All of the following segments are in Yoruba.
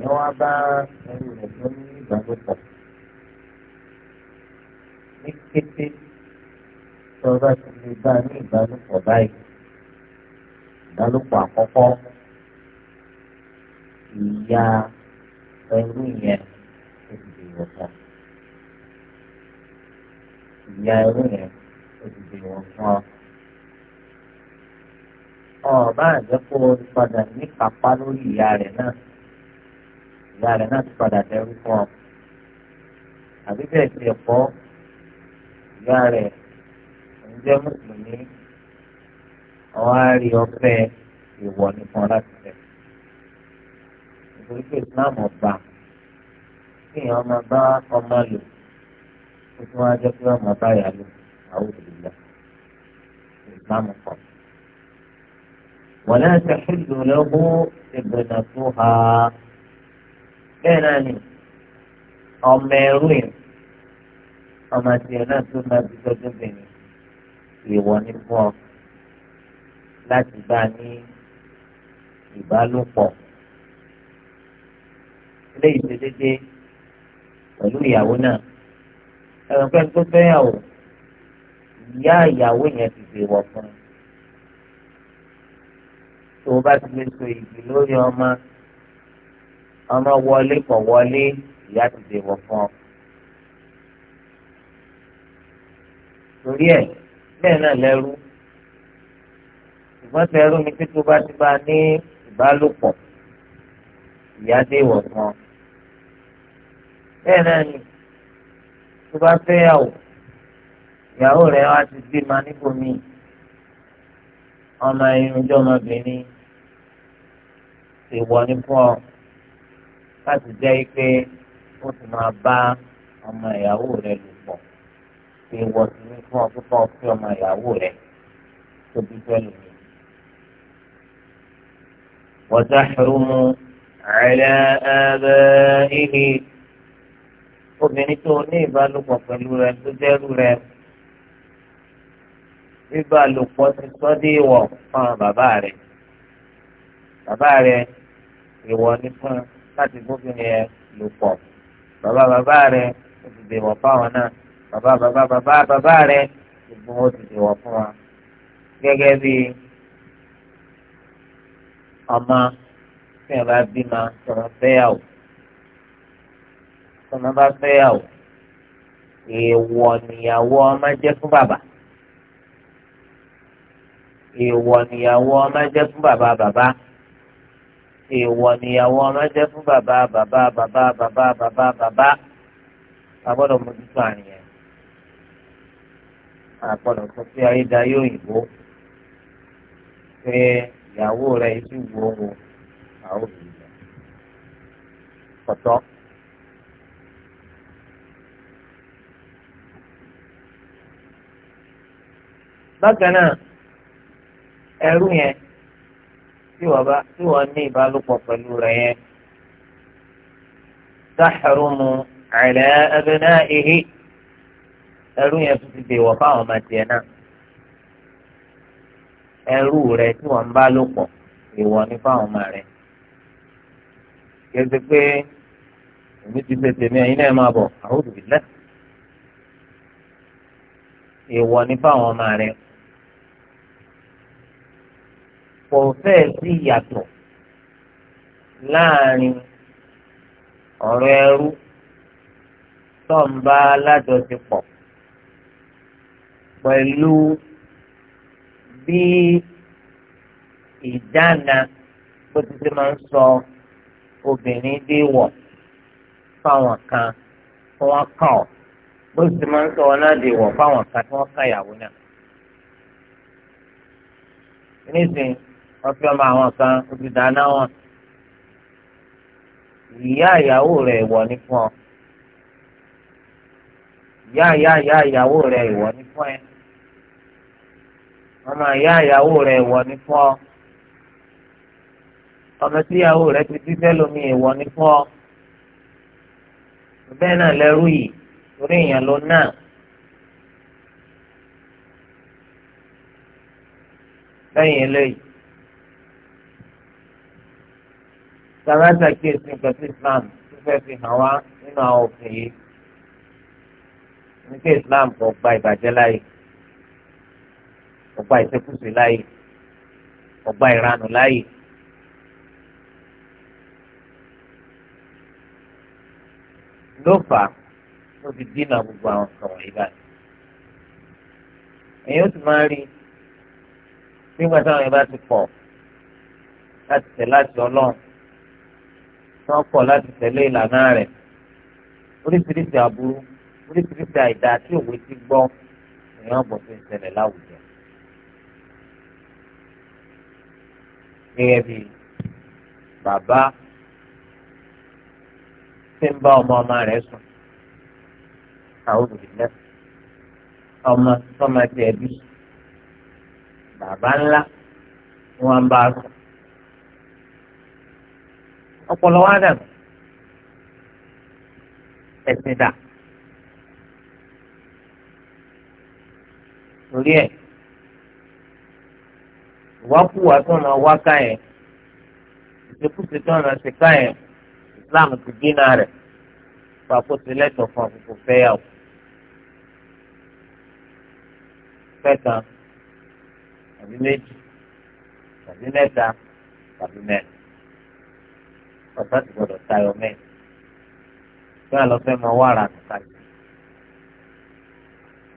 èèyàn wá bá ẹrú rẹ̀ tó ní ìbálòpọ̀ ní kété tó bá ti lè bá ní ìbálòpọ̀ báyìí ìbálòpọ̀ àkọ́kọ́ ìyá ẹrú yẹn ó ti di ìwọ̀sán ìyá ẹrú yẹn ó ti di ìwọ̀sán ọ̀ọ́ bá àjẹkù padà ní kápá lórí ìyá rẹ̀ náà ìyá rẹ̀ náà ti padà dẹrú fún ọ. àbí bẹ́ẹ̀ ti ẹ̀kọ́ ìyá rẹ̀ ń jẹ́ mùsùlùmí àwọn àárí ọ̀fẹ́ ìwọ nìkan láti tẹ̀. nítorí pé Islam ọba kéèyàn ọmọ bá ọmọ lò ó tún wá jẹ́ pé ọmọ bá yà lò àwọn òbílẹ̀ Islam kọ̀. ولا تحل له ابنتها bẹ́ẹ̀ náà ni ọmọ ẹrú yẹn ọmọ tiẹ̀ náà tó máa ti tọ́jú bìnrin ìwọ ní fún ọ láti bá a ní ìbálòpọ̀ ilé ìṣedédé pẹ̀lú ìyàwó náà ẹ̀rọ pẹ́ tó fẹ́yàwó ìyá ìyàwó yẹn ti dèwọ̀ fún un tó o bá ti lè so ìdí lórí ọmọ ọmọ wọlé kọ̀ wọlé ìyá ti dè wọ̀ fún ọ. torí ẹ̀ bẹ́ẹ̀ náà lẹ́rú ìgbọ́n tẹ ẹrú mi tí tó bá ti bá ní ìbálòpọ̀ ìyá dé fún ọ. bẹ́ẹ̀ náà ni tó bá fẹ́yàwó ìyàwó rẹ̀ wá ti bímọ níbòmíì ọmọ irunjọ́ ọmọbìnrin ṣèwọ ní fún ọ láti jẹ́ pé ó ti máa bá ọmọ ìyàwó rẹ̀ lò pọ̀ pé wọ́n ti ní fún ọkùnkọ́ fún ọmọ ìyàwó rẹ̀ tóbi pẹ̀lú mi. وتحرم على آبائه obìnrin tó ní ìbálòpọ̀ pẹ̀lú rẹ̀ tó dẹ́rù rẹ̀ bíbálòpọ̀ ti sọ́ dé ìwọ̀ fún bàbá rẹ̀ bàbá rẹ̀ ìwọ̀ ní fún un láti bófin yẹn lò pọ̀ bàbá bàbá rẹ̀ ó ti dèwọ̀ fáwọn náà bàbá bàbá bàbá bàbá rẹ̀ gbogbo wọn ti dèwọ̀ fún wa gẹ́gẹ́ bí ọmọ tí wọn bá bímọ tọmọ fẹ́yàwó tọmọ bá fẹ́yàwó èèwọ̀ nìyàwó ọmọ jẹ́ fún bàbá èèwọ̀ nìyàwó ọmọ jẹ́ fún bàbá bàbá èèwọ̀ níyàwó ọmọ jẹ́ fún bàbá bàbá bàbá bàbá bàbá bàbá àgbọ́dọ̀ mójútó àníyàn àgbọ́dọ̀ sọ pé ayédáyé òyìnbó pé ìyàwó rẹ̀ ìtú wo wo àwọn òbí rẹ̀ kọ̀tọ́. bákan náà ẹrú yẹn tí wọ́n bá tí wọ́n ní ìbálòpọ̀ pẹ̀lú rẹ̀ yẹn sáxẹ̀rùmù ẹ̀lẹ́ ẹbí náà ihi ẹrú yẹn tún ti dèwọ̀ fáwọn ọmọ tiẹ̀ náà ẹrú rẹ̀ tí wọ́n ń bá ìwọ̀ ní fáwọn ọmọ rẹ̀ kẹsì pé èmi ti fẹsẹ̀ mi ẹ̀yin náà máa bọ̀ àwọn òbí lẹ́ ìwọ̀ ní fáwọn ọmọ rẹ̀ kò fẹ́ẹ̀ sí ìyàtọ̀ láàrin ọ̀rọ̀ ẹrú tó ń bá alájọṣepọ̀ pẹ̀lú bí ìdáná bó ti ṣe máa ń sọ obìnrin dé wọ̀ fáwọn kan tí wọ́n kàn ọ́ bó ti máa ń sọ wọn náà dé wọ̀ fáwọn kan tí wọ́n kàn ìyàwó náà wọ́n fi ọmọ àwọn kan ó ti dáná wọn ìyá ìyàwó rẹ̀ ìwọ̀ ní fún ọ ìyá ìyá ìyá ìyàwó rẹ̀ ìwọ̀ ní fún ẹ ọmọ ìyá ìyàwó rẹ̀ ìwọ̀ ní fún ọ ọmọ tí ìyàwó rẹ̀ ti bí fẹ́lómi ìwọ̀ ní fún ọ bẹ́ẹ̀ náà lẹ́rú yìí torí èèyàn ló náà. lẹ́yìn eléyìí sàmẹ́sà kíyèsí nǹkan sí Islam tó fẹ́ fi hàn wá nínú àwọn òfin yìí ní pé Islam kò gba ìbàjẹ́ láàyè kò gba ìṣekúṣe láàyè kò gba ìranù láàyè. ló fà á ló fi dínà gbogbo àwọn kan wọ̀nyí báyìí. èyí ó sì máa rí nígbà táwọn yẹn ti pọ̀ láti tẹ̀ láti ọlọ́run tí wọ́n kọ̀ láti tẹ̀lé ìlànà rẹ̀ oríṣiríṣi aburú oríṣiríṣi àìdá tí òwe ti gbọ́ èèyàn bọ̀ sí ìṣẹ̀lẹ̀ láwùjọ. gẹ́gẹ́ bí bàbá tí ń bá ọmọ ọmọ rẹ̀ sùn àwọn olùdílé ọmọ tọ́mọ ti ẹbí bàbá ńlá wọn bá sùn ọpọlọ wa dà ẹ̀sìn dà torí ẹ̀ ìwákùwà tó ọ̀nà wá ká yẹn ìṣekúṣe tó ọ̀nà ṣe ká yẹn Islam ti dínà rẹ̀ pàkóso lẹ́tọ̀ fún àkókò fẹ́yàwó. Fẹ́kan tàbí méjì tàbí mẹ́ta tàbí mẹ́rin ọ̀sán ti gbọdọ̀ tayọ mẹ́rin tí a lọ fẹ́ mọ wàrà nìkan.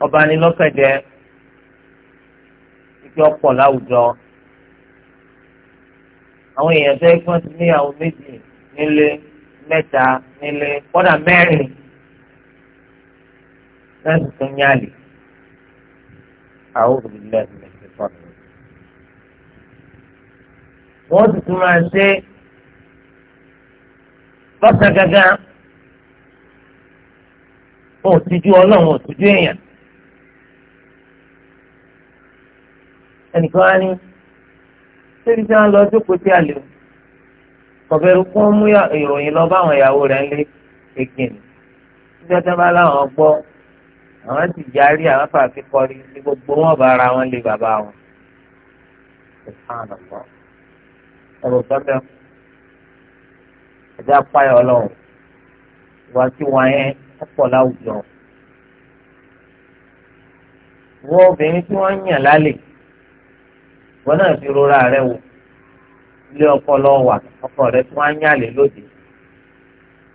ọba ni lọ́kàn jẹ́ ikú ọ̀pọ̀ láwùjọ àwọn èèyàn tó ẹgbọ́n ti níyàwó méjì nílé mẹ́ta nílé kọ́dà mẹ́rin lẹ́sìn tó ń yálè àwọn òbí lẹ́sìn tó ń sọ̀rọ̀. wọ́n ti tún máa ṣe é lọ́sàn gangan ò tijú ọlọ́run ò tijú èèyàn. ẹnìkan á ní sẹ́ni tí wọ́n lọ jókòó tí a lè kọ̀bẹ́rù kún mú ìròyìn lọ báwọn ìyàwó rẹ̀ ń lé kékin nígbà tí wọ́n bá láwọn gbọ́ àwọn ti járí àwọn fàáfi kọrí ní gbogbo wọn bá ara wọn lé bàbá wọn. ẹ̀rọ sọ́dọ̀ ẹ̀dá payọ̀ ọlọ́run ìwà tí wọ́n yẹn ọ̀pọ̀ láwùjọ. wọ́n obìnrin tí wọ́n ń yàn lálẹ́ wọn náà fi rora rẹ wò ilé ọkọ lọ wà ọkọ rẹ tí wọ́n á yàn lé lóde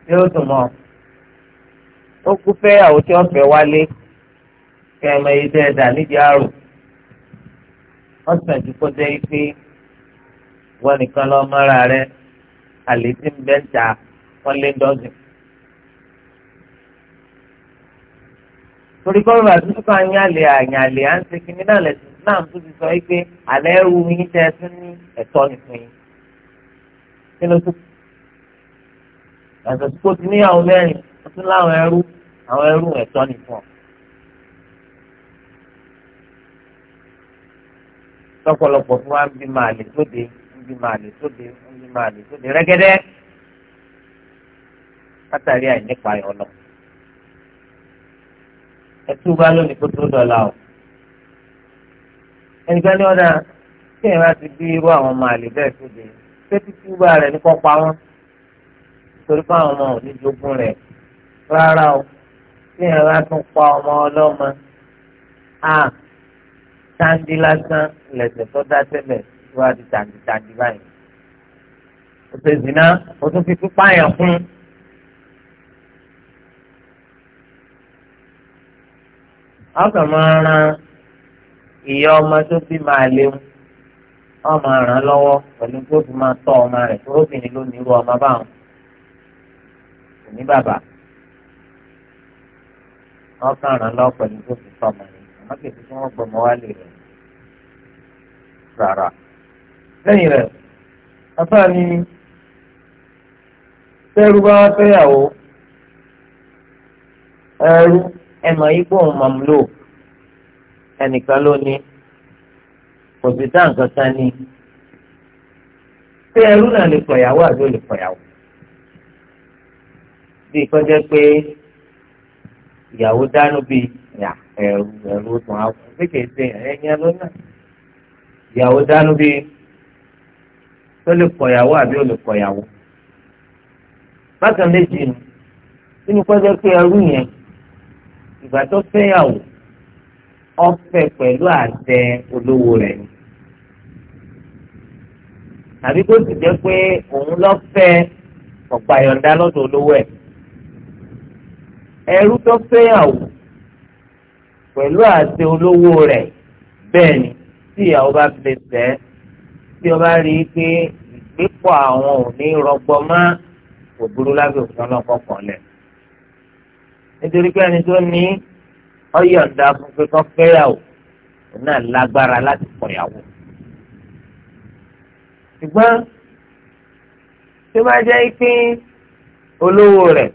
tí ó dùn mọ́ ó kú fẹ́ àwọn tí wọ́n wálé kẹ́ ẹ mọ nídìí àrùn wọ́n sàn kó jẹ́ pé wọ́n nìkan lọ́ọ́ mọ́ra rẹ̀ àlè tí ń bẹ́ ta wọ́n lé dọ́sìn. torí kọ́ńtà tuntun àyànlè àyànlè à ń ṣe kínní náà lẹ́sìn Islam tó ti sọ yìí pé àlẹ́ ẹrú yín tẹ́ ẹ tún ní ẹ̀tọ́ nìkan yìí. nínú tó yàtọ̀ tó ti níyàwó mẹ́rin wọ́n tún láwọn ẹrú àwọn ẹrú ẹ̀tọ́ nìkan. lọ́pọ̀lọpọ̀ fún wa ń bí màálè tó dé lè máa lè tó lè ó lè máa lè tó lè rẹ́gẹ́dẹ́ látàrí àìnípa ẹ̀ ọ̀nà. ẹ tú bá lónìí kó tó dọ̀la o. ẹnìkan ní ọ̀dà tí èèyàn bá ti bí irú àwọn ọmọ àlè bẹ́ẹ̀ tó lè ṣé títí bá rẹ̀ ní kọ́ pa wọ́n torí pé àwọn ọmọ ò ní jogún rẹ̀ rárá o tí èèyàn tún pa ọmọ ọlọ́mọ a sáńdí lásán lẹ̀sẹ̀ tó dá tẹ́lẹ̀ wá di tàǹtìtàǹtì báyìí ó ṣe zina ó tún fi pípa yẹn fún un. ọkàn máa ran ìyá ọmọ tó fi máa léwu wọn máa ràn án lọ́wọ́ pẹ̀lú tó fi máa tọ́ ọmọ rẹ̀ tó obìnrin ló nírú ọmọ báwọn kò ní bàbá wọn kàn ràn án lọ́wọ́ pẹ̀lú tó fi tọ́ ọmọ rẹ̀ àmọ́ kìí fi wọn gbọmọ wálé rẹ̀ rárá lẹ́yìn rẹ̀ afá ni tẹ́rú bá fẹ́yàwó ẹrú ẹ̀mọ̀ yìí pọ̀ mamlo ẹnìkan ló ní kò sí tá nǹkan kan ní pé ẹrú náà lè pọ̀yàwó àbí ó lè pọ̀yàwó bí kọjá pé ìyàwó dánú bíi yà ẹrú ẹrú tó àwọn kékeré ẹ̀yìn ẹlọ́nà ìyàwó dánú bíi tó lè kọ̀yàwó àbí ò lè kọ̀yàwó. bákan méjì nù nínú pẹ́ẹ́sẹ́ pé ẹrú yẹn ìgbà tó fẹ́yàwó ọ̀fẹ́ pẹ̀lú àṣẹ olówó rẹ̀ ni. àbí kó sì jẹ́ pé òun lọ́fẹ́ ọ̀pá yọ̀ǹda lọ́dọ̀ olówó ẹ̀. ẹrú tó fẹ́yàwó pẹ̀lú àṣẹ olówó rẹ̀ bẹ́ẹ̀ ni tí ìyàwó bá fi lè sẹ́ẹ́ tí o bá rí i pé ìgbépọ̀ àwọn ò ní rọgbọ mọ́ òbúrú lábẹ́ òfin ọlọ́kọ̀ kan lẹ̀. nítorí pé ẹni tó ní ọ̀yọ̀ǹda fún pé kán fẹ́yàwó òun náà lágbára láti kọ̀yàwó. ṣùgbọ́n tó bá jẹ́ pé olówó rẹ̀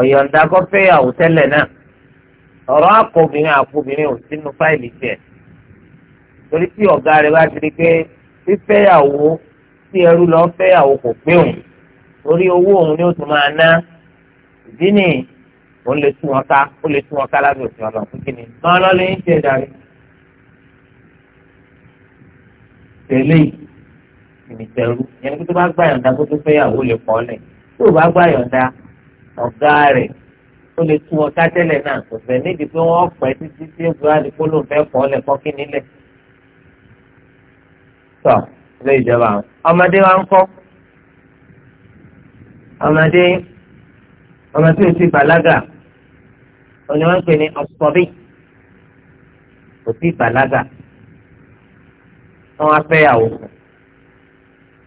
ọ̀yọ̀ǹda kọ́ fẹ́yàwó tẹ́lẹ̀ náà ọ̀rọ̀ àkọ́bìnrin àkọ́bìnrin ò sínú fáìlì tiẹ̀ torí tí ọ̀gá rẹ̀ bá ti di pé fífẹ́yàwó tí ẹrú lọ fẹ́yàwó kò pé òun torí owó òun ni ó tún máa ná ìdí nì òun lè tún wọn ká ó lè tún wọn ká lábẹ́ òfin ọ̀nà fún kíni máa lọ lè ń ṣe ìdarí. tẹ̀lé ìmìtẹ̀rú yẹn kí tó bá gbà yọ̀ǹda kó tó fẹ́yàwó lè pọ̀ lẹ̀ tó bá gbà yọ̀ǹda ọ̀gá rẹ̀ ó lè tún wọn ká tẹ́lẹ̀ náà kò fẹ́ nídìí pé wọ́n pẹ́ títí tí ó gbọ́ àdìpọ̀ ló fẹ́ pọ̀ lẹ̀ kọ́kí tọ ilé ìjọba ọmọdé wa ń kọ́ ọmọdé ọmọ tí o ti bàlágà òní wọn ń pè ní ọsọbí kò sí bàlágà wọn wá fẹ́ yàwó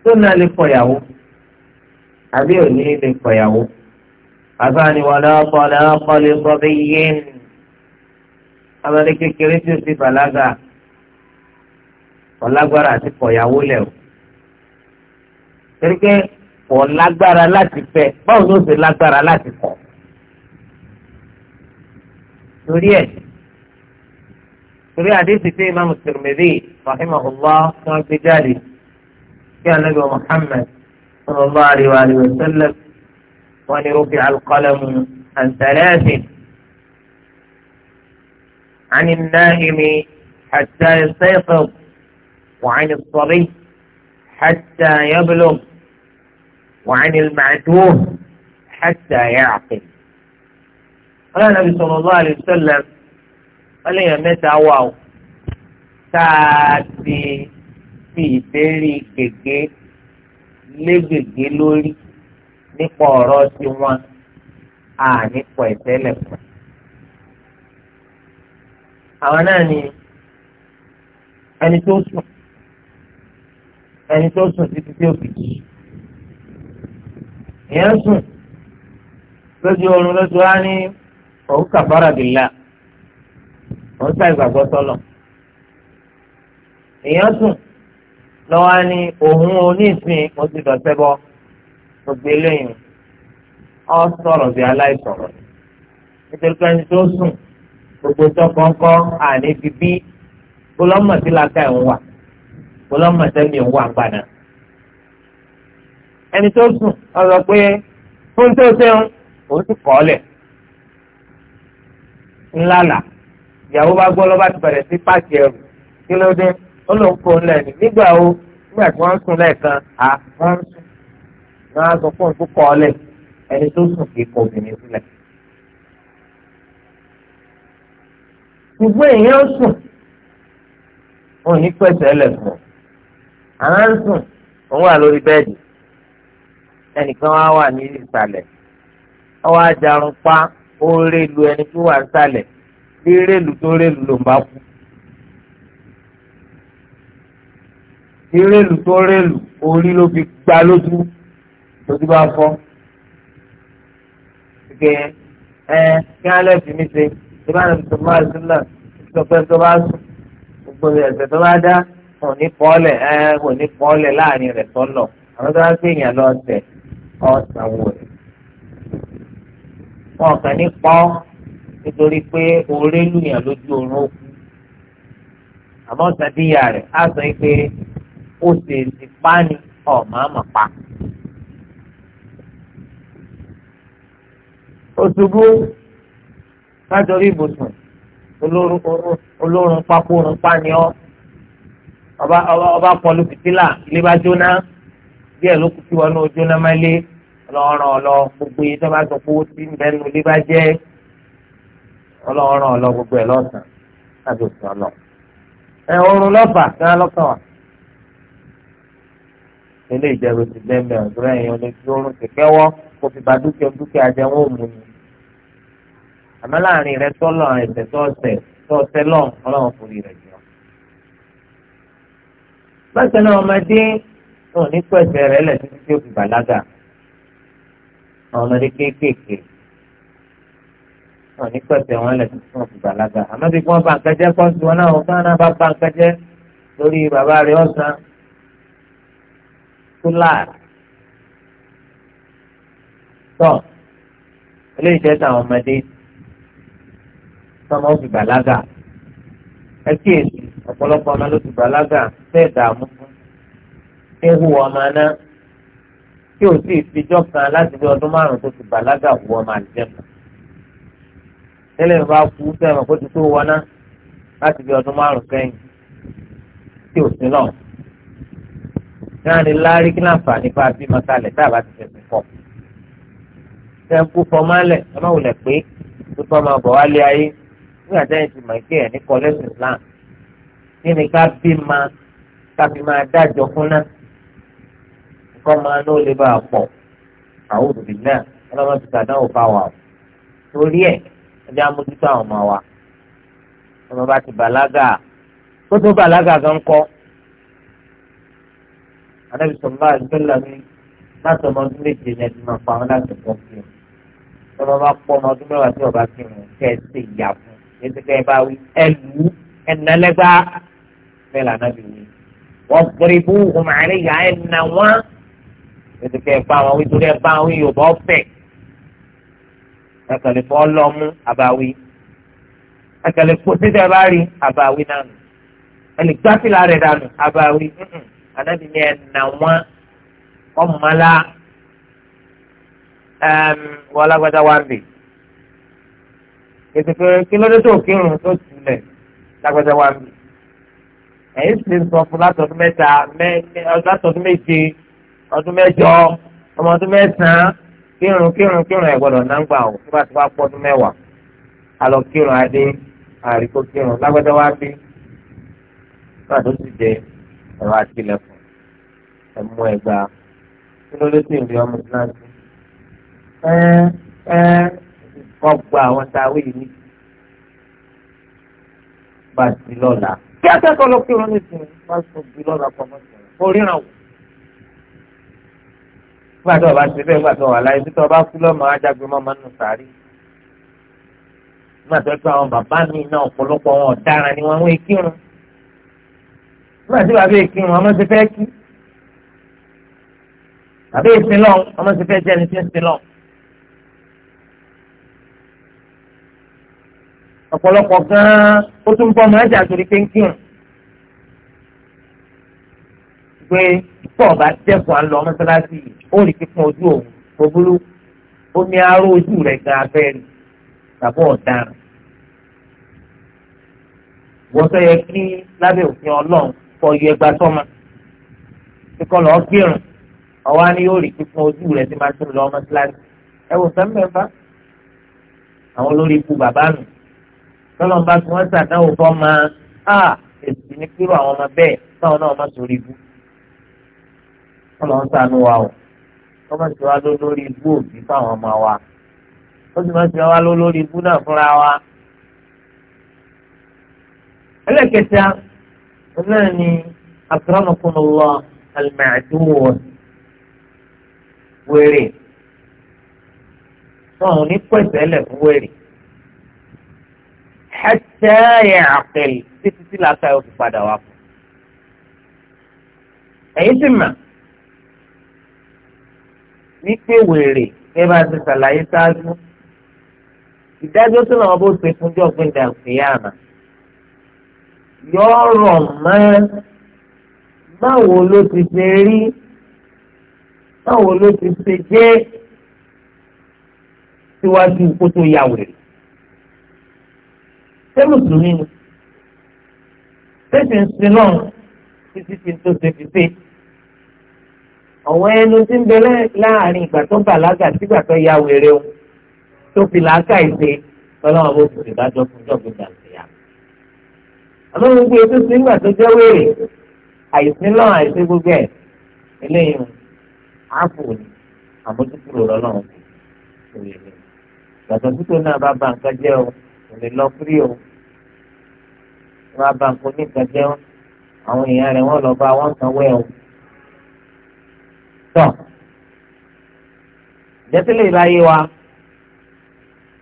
tó náà lè kọ yàwó àbí òní lè kọ yàwó ni wọn lọ kọ lè kọ bí yéèni ọmọdé kékeré tí o ti bàlágà. ọlágbára àti kọ̀yàwó lẹ̀ o torí pé lágbára láti fẹ́ báwo ló ṣe lágbára láti kọ̀ torí ẹ̀ torí àdéhùn tí imaamu tí wọn gbé jáde kí anabi Muhammad bá àríwá àríwá sẹlẹ wọn ni rúbi alukọlẹ mu rufi alqalamu àní thalathin. عن النائم حتى يستيقظ وعن الصبي حتى يبلغ وعن المعتوه حتى يعقل قال النبي صلى الله عليه وسلم قال لي متى واو تاتي في بيري كيكي لبيكي لولي نقوى راسي وان آه نقوى سلف ìtẹ́lẹ̀ أنا àwọn náà ni ẹni tó sùn títí tí ó fi jì ìyẹn sùn lójú oorun lójú wa ní òun kàfàrà bìlà òun sá ìgbàgbọ́ sọlọ ìyẹn sùn lọ́wọ́ ní òun onísìn mo ti dọ̀tẹ́ bọ́ gbogbo eléyìí ọ sọ̀rọ̀ bí aláìsọ̀rọ̀ nítorí pé ẹni tó sùn gbogbo tó kọ́ńkọ́ àní fi bí kó lọ́mọ̀ sí làákà ẹ̀ ń wà ọlọ́mọdé mi wà padà. ẹni tó sùn ọ sọ pé fún tó sẹ́wọ̀n òun ti kọ́ lẹ̀ ńlálà ìyàwó bá gbọ́ lọ́ba ti bẹ̀rẹ̀ sí páàkì ẹrù kí ló dé ó ló ń kó ń lẹ́nu nígbà wo nígbà tí wọ́n ń sùn lẹ́ẹ̀kan à wọ́n ń sùn wọ́n á sọ fóun tó kọ́ lẹ̀ ẹni tó sùn kì í kọ obìnrin sílẹ̀. ṣùgbọ́n èèyàn sùn wọn ní pẹ̀sẹ̀ lẹ̀ àwọn ń sùn òun wà lórí bẹ́ẹ̀dì ẹnìkan wá wà ní ìsàlẹ̀ ọwọ́ ajarun pa ó rélu ẹni tó wà nísàlẹ̀ bí rélu tó rélu ló ń bá kú bí rélu tó rélu orí ló fi gbá lójú lójú bá fọ́ kẹ ẹ kí alẹ́ fi mí ṣe ìbáraẹnisọ̀rọ̀ máa ṣe náà ìsọ̀pẹ́ tó bá sùn gbogbo ẹ̀sẹ̀ tó bá dá wọn ní pọ́ọ̀lẹ̀ ẹ wọn ní pọ́ọ̀lẹ̀ láàrin rẹ̀ sọ́nà àwọn tó bá gbé èèyàn lọ tẹ̀ ọ̀sán wò rẹ̀. wọn kàn ní pọ́ nítorí pé oore lùyàn lójú oorun ó kú àmọ́ sàdíyà rẹ̀ á sọ pé ó ṣe ti páni ọ̀mọ̀ọ́mọ̀ pa. oṣubú kájọ ibùsùn olórun pápó orun pa ni ọ́ ọba kọlu fìtílà ilé bá jóná díẹ̀ ló kù sí wọn náà jóná má lé ọlọ́run ọlọ gbogbo yìí tó bá sọ pé ó ti ń bẹnu ilé bá jẹ́ ọlọ́run ọlọ gbogbo ẹ̀ lọ́sàn láti òsì ọlọ. ẹ oorun lọ́fà kí wọ́n lọ́kàn wá. ilé ìjẹun ti bẹ́ẹ̀ mẹ́rin ọ̀dúnrún ẹ̀yìn ọ̀lẹ́ oorun ti kẹ́wọ́ kó fi ba dúkìá dúkìá jẹ́ wọ́n mú ni. àmọ́ láàrin rẹ tọ́lọ̀ ẹ̀sẹ̀ tọ́ọ̀sẹ̀ tọ́ọ̀sẹ̀ lọ́ọ̀ ọlọ́run kò rí rẹ̀ bákan náà ọmọdé wọn ní kó ẹsẹ̀ rẹ̀ lẹ̀ títí tí ó fi bàlágà àwọn ọmọdé kéékèèké wọn ní kó ẹsẹ̀ wọn lẹ̀ títí wọn fi bàlágà àmọ́ bí wọ́n bá nǹkan jẹ́ pọ́ńtù wọn náà wọ́n fún wọn bá bá nǹkan jẹ́ lórí bàbá rẹ̀ ọ̀sán kúláàrì tọ́ eléyìí jẹ́ tàwọn ọmọdé tọ́mọ́ fi bàlágà ẹ kíyèsí ọ̀pọ̀lọpọ̀ ọmọ ló ti bàlágà fẹ́ẹ̀ dààmú fún ewu ọmọ náà tí ò sì fijọ́ kan láti bí ọdún márùn-ún tó ti bàlágà wọ ọmọ àlùjẹ́kù tẹ́lẹ̀ bá kú sẹ́wọ̀n kó ti tó wọná láti bí ọdún márùn-ún tí ò sí náà náà ni láárí kí láǹfààní bá a bí makalẹ̀ tá a bá ti fẹ̀sùn kọ̀ sẹ́ńkú fọmálẹ̀ ọmọ òlẹ̀ pé tó fọ́ máa wálé ayé nígbà tẹ́yìn ti mọ̀ ike ẹ̀ ní kọ́lẹ́sì Islam nínú ká bí máa kábí máa dájọ fún náà nǹkan máa ní ó lè bá a pọ̀ àwọn òbí náà ọlọ́mọ ti sàdánwò bá wa o torí ẹ̀ ẹjẹ́ amójútó àwọn ọmọ wa ọmọ bá ti bàlágà kó tó bàlágà gan kọ́ anabi sọ̀rọ̀ bá àdúgbò mi láti ọmọ ọdún méje ní ẹ̀dùn máa pa àwọn láti pọ̀ sí o ọmọ bá pọ̀ ọmọ ọdún mẹ́wàá tí ọba fi hàn kẹ́ ìyá fún yẹtí kẹ́ ẹ bá wí ẹ lù ú ẹ̀nà lẹ́gbà bẹ́ẹ̀ lànà bí mi wọ́n gbèrè bú ọmọ àlẹ́ yà ẹ̀nà wọn ètò kẹ́ ẹ̀ bá wọn wí torí ẹ̀ bá wọn yóò bọ́ fẹ̀ ẹ̀kẹ́lẹ́ fọ́ lọ́mú àbáwí ẹ̀kẹ́lẹ́ kó títẹ̀ bá rí àbáwí náà nù ẹ̀lẹ́ gbásílà rẹ̀ dànù àbáwí ànábì ni wọn ọmọlá wọlágbádá wá ń kí lóde tó kírun tó ti lágbàdá wa bì ẹ̀yìn sì ń sọ fún látọ̀dún mẹ́ta látọ̀dún méje ọdún mẹ́jọ ọmọ ọdún mẹ́sàn-án kírun kírun kírun ẹ̀ gbọ́dọ̀ náà ń gbà ó nígbà tí wọ́n pọ̀ ọdún mẹ́wàá alọ kírun adé àríkó kírun lágbàdá wa bì nígbà tó ti jẹ ẹ̀rọ àtìlẹ́kùn ẹ̀mú ẹ̀gbà kí ló ló sì ń rí ọmọ náà sí. ẹ ẹ kọ́ gba àwọn táwé yìí bá di lọ́la kí akẹ́kọ̀ọ́ lọ kí wọn lè sìn bá sùn di lọ́la pamọ́ sí ọ ríran wò. nígbà tó o bá ṣe bẹ́ẹ̀ nígbà tó o wà láyé títọ́ bá kú lọ́mọ ajágbe mọ́mọ́ nù sàárì. nígbà tó o tún àwọn bàbá mi náà ọ̀pọ̀lọpọ̀ wọn ọ̀daràn ni wọn ń kírun. nígbà tí bàbá èkírun ọmọ ti fẹ́ kí. bàbá èsìn lọ́hùn ọ̀pọ̀lọpọ̀ gan-an ó tún bọ́ máa jà torí kéńkì hàn pé tó ọba dẹ́kun à ń lọ mọ́sálásí ó rí pípọ́n ojú òun òbúrú omi aró ojú rẹ̀ gan abẹ́rẹ́ tàbí ọ̀daràn wọ́n tó yẹ kí lábẹ́ òfin ọlọ́run kọ yọ ẹgbàá sọ́mà kíkọ́ lọ́ọ́ gbìrùn ọwọ́ á yóò rí pípọ́n ojú rẹ̀ tí máa tún lọ mọ́sálásí ẹ̀wọ̀n sẹ́mi mẹ́fà àwọn olórí ikú bàbá nù tọ́lọ́n bá fi wọ́n sàdáwò fọ́ ma á èsì ní kúrò àwọn ọmọ bẹ́ẹ̀ táwọn náà má sórí ibú ọlọ́run sànú wa o wọ́n má sì wá ló lórí ibú òbí fáwọn ọmọ wa ó sì má sì wá ló lórí ibú náà fúnra wa. ẹlẹ́kẹta náà ni akramakumullah al-ma'dun wèrè wọn ò ní lẹ̀ fún wèrè hatta ya'qil títí tí làákà yóò fi padà wá fún. ẹ̀yin sì mà ní pé wèrè ẹ bá ti ṣàlàyé ṣáájú ìdájọ́ tó náà bó ṣe fúnjọ́ gbẹ̀dà òkèèyàmà yọ̀ọ́ rọ̀ mọ́ báwo ló ti ṣe rí báwo ló ti ṣe jẹ́ síwájú kó tó yà wèrè ṣé mùsùlùmí ni tẹsí ń sin náà títí tí tó ṣe fi ṣe àwọn ẹnu tí ń bẹ láàrin ìgbà tó bàlágà sígbà tó ya wèrè o tó fi làákà ìṣe tọ́lọ́wọ́n bó ti dájọ́ fún jọ́gbìn dàgbìyà àmọ́ gbogbo ètò sí ìgbà tó jẹ́ wèrè àìsín náà àìsín gbogbo ẹ̀ eléyìí àpò ni àmójúkúrò lọ́lọ́run kò lè lè gbàtọ́ títò náà bá ba nǹkan jẹ́ o kò lè lọ kúrí o wọn á bá nǹkan oníkan jẹun àwọn èèyàn rẹ̀ wọ́n lọ bá wọn kan wẹ̀ o. tọ́ jẹ́sílẹ̀ ìbáyé wa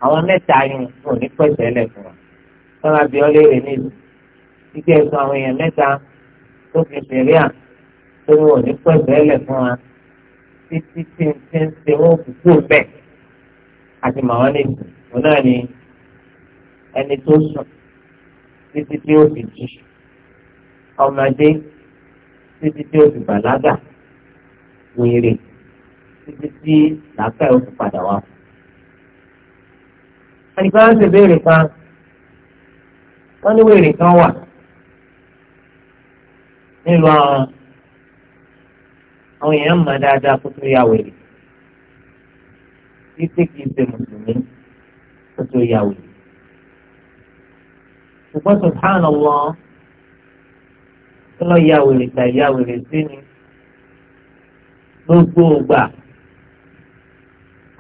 àwọn mẹ́ta yìí kò ní pẹ̀sẹ̀ lẹ̀ fún wa sọ́nà bí ọ́ léèrè nílùú kíkẹ́ ẹ̀sùn àwọn èèyàn mẹ́ta tó fi ṣẹ̀rí à tó ní òní pẹ̀sẹ̀ lẹ̀ fún wa títí tí ń ti ń ṣe wọ́n kú kú bẹ́ẹ̀ àti màwọn nílùú òun náà ni ẹni tó sùn títí tí ó fi jí ọmọdé títí tí ó fi bàlágà wèrè títí tí làákà ó fi padà wá. àyíká ń ṣe béèrè kan wọ́n ní wèrè kan wà nílùú àwọn àwọn èèyàn mọ̀ dáadáa kó tó yá wèrè títí kìí ṣe mùsùlùmí kó tó yá wèrè ṣùgbọ́n subhanallah lọ ya wèrè ta ya wèrè sí ni gbogbo ògbà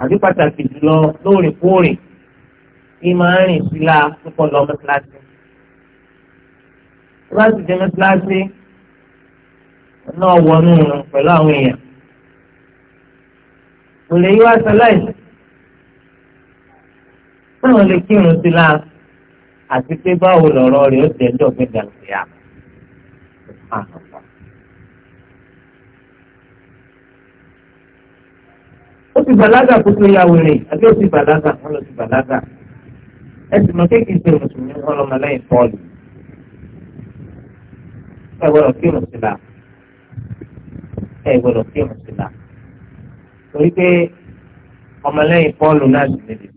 àbí pàtàkì jùlọ lóòrèkóòrè kí máa rìn síla púpọ̀ lọ mẹ́tíláṣí. tó bá sì jẹ́ mẹ́tíláṣí náà wọnú pẹ̀lú àwọn èèyàn. kò lè yí wá sọ láìsí. báwọn lè kírun síla àti pé báwo lọ̀rọ̀ rẹ̀ ó tẹ̀ ńdọ̀gbẹ́ gàlùkìyà. ó ti bàlágà kó tó ya wèrè àbí ó ti bàlágà wọn lọ ti bàlágà ẹ sì mọ kéèkì ṣe mùsùlùmí wọn lọ mọlẹ́yìn pọ́ọ̀lù ẹ gbọ́dọ̀ kí mùsùlùmí ẹ gbọ́dọ̀ kí mùsùlùmí torí pé ọmọlẹ́yìn pọ́ọ̀lù náà sì lè dè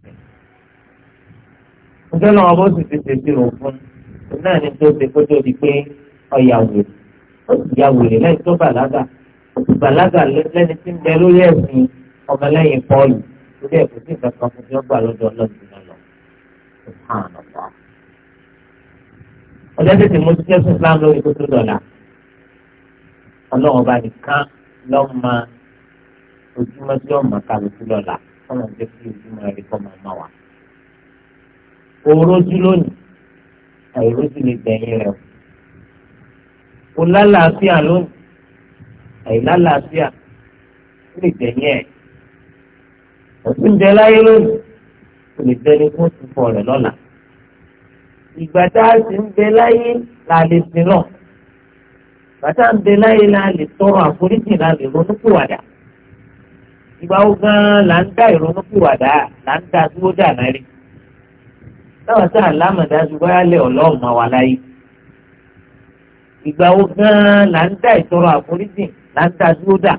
nítorí àwọn bó sì ti tètè rò fún un náà ni tó ṣe kó tó di pé ọ̀yà wèrè ó sì ya wèrè lẹ́yìn tó bàlágà ó sì bàlágà lẹ́ni tí ń bẹ lórí ẹ̀sìn ọmọlẹ́yìn pọ́ọ̀lù lórí ẹ̀kọ́ sí ìkàkọ́ fún tí wọ́n gbà lọ́dọ̀ ọlọ́dún lọ. ọjọ́ tètè mo ti kẹ́sùn Islam lórí kó tó dọ̀là ọlọ́run bá nìkan lọ́mọ ojúmọ́ tí ọmọ kàlùkù lọ́la ọmọ ìjẹ́ kí ojúmọ́ rẹ̀ kọ́ máa má wa òrójú lónìí àìrójú lè gbẹ̀yìn rẹ̀ o lálàáfíà lónìí àìlálàáfíà ó lè gbẹ̀yìn ẹ̀ òsín bẹ láyé lónìí kò lè bẹni fún ìfọ̀ rẹ̀ lọ́la ìgbà tá a sì ń bẹ láyé la lè sin lọ bàtà ń bẹ láyé la lè tọrọ àforíjì la lè ronúpìwàdà ìgbà wo gan-an là ń dá ìrònúpìwàdà là ń dá dúró dà náírà táwọn sáà lámọ̀dájú bóyá lé ọlọ́run máa wà láyé ìgbà wo gan-an là ń dá ìtọrọ àforíjì là ń dá dúró dà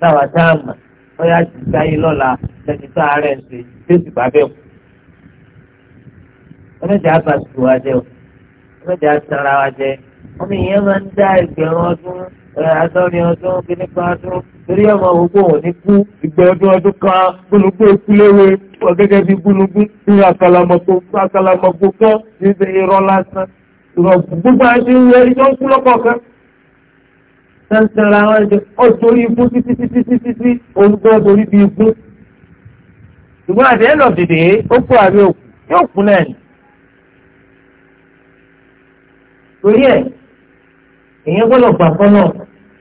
táwọn sáà mọ̀ bóyá ti sáyé lọ́la lẹ́ni tó ààrẹ ń ṣe tí sì bá bẹ́ẹ̀ kú. ọlọ́jà bá sùn wá jẹ́ ọlọ́jà sanra wá ọmọ ìyẹn máa ń dá ẹgbẹ̀rún ọdún àtọ́ni ọdún kìíní kan ọdún torí ọmọ ògbó wọn ní kú ìgbà ọdún ọdún kan gbólógbó ìkúléwé gẹ́gẹ́ bí gbólógún ní àkàlàmọ̀gbò kan ní ṣe irọ́ lásán gbogbo àti ìwé ìjọ ń kú lọ́kọ̀ kan. sẹ́ńsẹ̀rẹ̀ àwọn ẹ̀jẹ̀ ọ̀tọ́rí ikú títí títí títí tí olùkọ́ torí bí ikú. ṣùgbọ́n àti ẹ̀nà dìde ó kú àbí òkú yóò kú náà èèyàn gbọ́dọ̀ gbà fọlọ